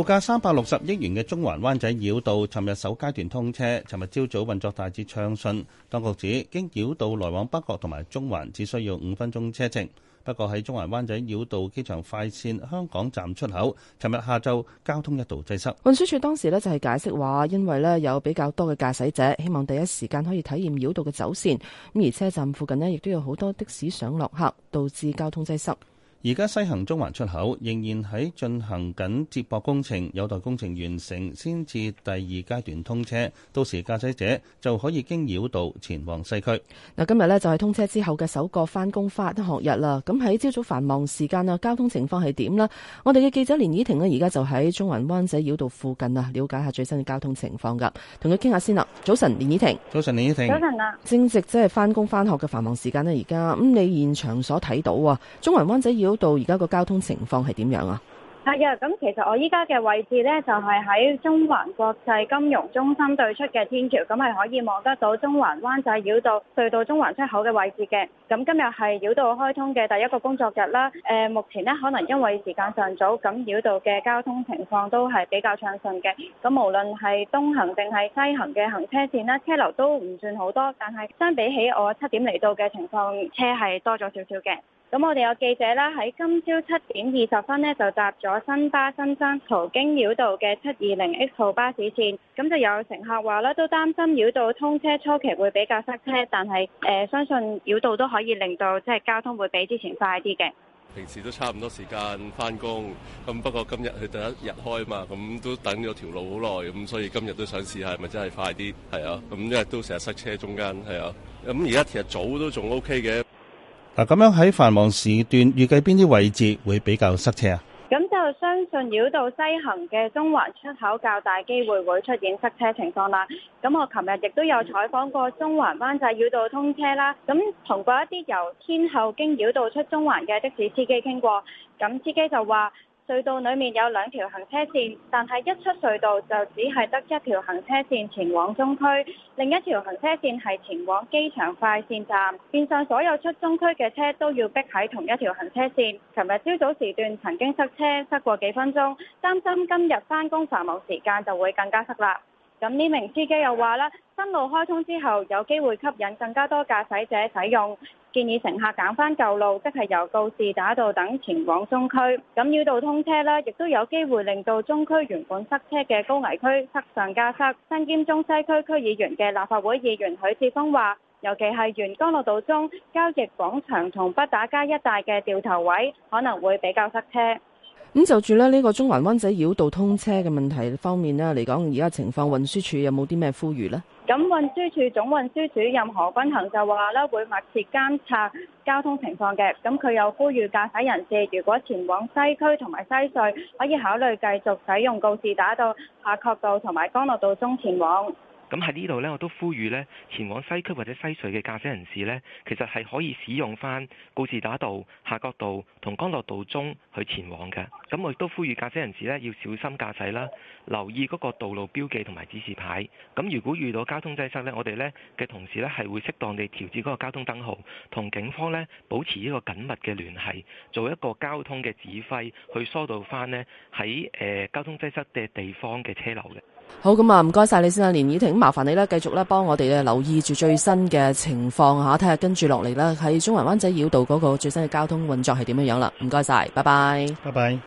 造價三百六十億元嘅中環灣仔繞道，尋日首階段通車。尋日朝早運作大致暢順，當局指經繞道來往北角同埋中環，只需要五分鐘車程。不過喺中環灣仔繞道機場快綫香港站出口，尋日下晝交通一度擠塞。運輸署當時呢就係解釋話，因為呢有比較多嘅駕駛者，希望第一時間可以體驗繞道嘅走綫。咁而車站附近呢亦都有好多的士上落客，導致交通擠塞。而家西行中環出口仍然喺進行緊接駁工程，有待工程完成先至第二階段通車，到時駕駛者就可以經繞道前往西區。嗱，今日呢，就係通車之後嘅首個返工返學日啦。咁喺朝早繁忙時間啊，交通情況係點呢？我哋嘅記者連漪婷呢，而家就喺中環灣仔繞道附近啊，了解下最新嘅交通情況㗎。同佢傾下先啦。早晨，連漪婷。早晨，連漪婷。早晨啊。晨正值即係返工返學嘅繁忙時間咧，而家咁你現場所睇到啊，中環灣仔繞繞道而家個交通情況係點樣啊？係啊，咁其實我依家嘅位置呢，就係喺中環國際金融中心對出嘅天橋，咁係可以望得到中環灣仔繞道隧道中環出口嘅位置嘅。咁今日係繞道開通嘅第一個工作日啦。誒，目前呢，可能因為時間尚早，咁繞道嘅交通情況都係比較暢順嘅。咁無論係東行定係西行嘅行車線咧，車流都唔算好多。但係相比起我七點嚟到嘅情況，車係多咗少少嘅。咁我哋有記者啦，喺今朝七點二十分呢，就搭咗新巴新增途經繞道嘅七二零 X 號巴士線，咁就有乘客話啦，都擔心繞道通車初期會比較塞車，但係誒、呃、相信繞道都可以令到即係、就是、交通會比之前快啲嘅。平時都差唔多時間返工，咁不過今日佢第一日開嘛，咁都等咗條路好耐，咁所以今日都想試下係咪真係快啲。係啊，咁因為都成日塞車，中間，係啊，咁而家其實早都仲 OK 嘅。嗱，咁樣喺繁忙時段，預計邊啲位置會比較塞車啊？咁就相信繞道西行嘅中環出口較大機會會出現塞車情況啦。咁我琴日亦都有採訪過中環灣仔繞道通車啦。咁同過一啲由天後經繞道出中環嘅的士司機傾過，咁司機就話。隧道裏面有兩條行車線，但係一出隧道就只係得一條行車線前往中區，另一條行車線係前往機場快線站。變相所有出中區嘅車都要逼喺同一條行車線。尋日朝早時段曾經塞車塞過幾分鐘，擔心今日返工繁忙時間就會更加塞啦。咁呢名司機又話啦：新路開通之後，有機會吸引更加多駕駛者使用，建議乘客揀翻舊路，即係由告士打道等前往中區。咁繞道通車啦，亦都有機會令到中區原本塞車嘅高危區塞上加塞。身兼中西區區議員嘅立法會議員許智峰話，尤其係沿江路道中交易廣場同畢打街一帶嘅掉頭位，可能會比較塞車。咁就住咧呢個中環灣仔繞道通車嘅問題方面呢，嚟講，而家情況，運輸署有冇啲咩呼籲呢？咁運輸署總運輸主任何君衡就話咧，會密切監察交通情況嘅。咁佢又呼籲駕駛人士，如果前往西區同埋西隧，可以考慮繼續使用告士打道、夏慤道同埋干諾道中前往。咁喺呢度呢，我都呼籲呢前往西區或者西隧嘅駕駛人士呢，其實係可以使用翻告士打道、夏愨道同康樂道中去前往嘅。咁我亦都呼籲駕駛人士呢，要小心駕駛啦，留意嗰個道路標記同埋指示牌。咁如果遇到交通擠塞呢，我哋呢嘅同事呢，係會適當地調節嗰個交通燈號，同警方呢保持一個緊密嘅聯繫，做一個交通嘅指揮，去疏導翻呢喺誒交通擠塞嘅地方嘅車流嘅。好，咁啊，唔該晒你先啊，連漪婷，麻煩你咧，繼續咧幫我哋咧留意住最新嘅情況吓，睇下跟住落嚟啦，喺中環灣仔繞道嗰個最新嘅交通運作係點樣樣啦，唔該晒，拜拜，拜拜。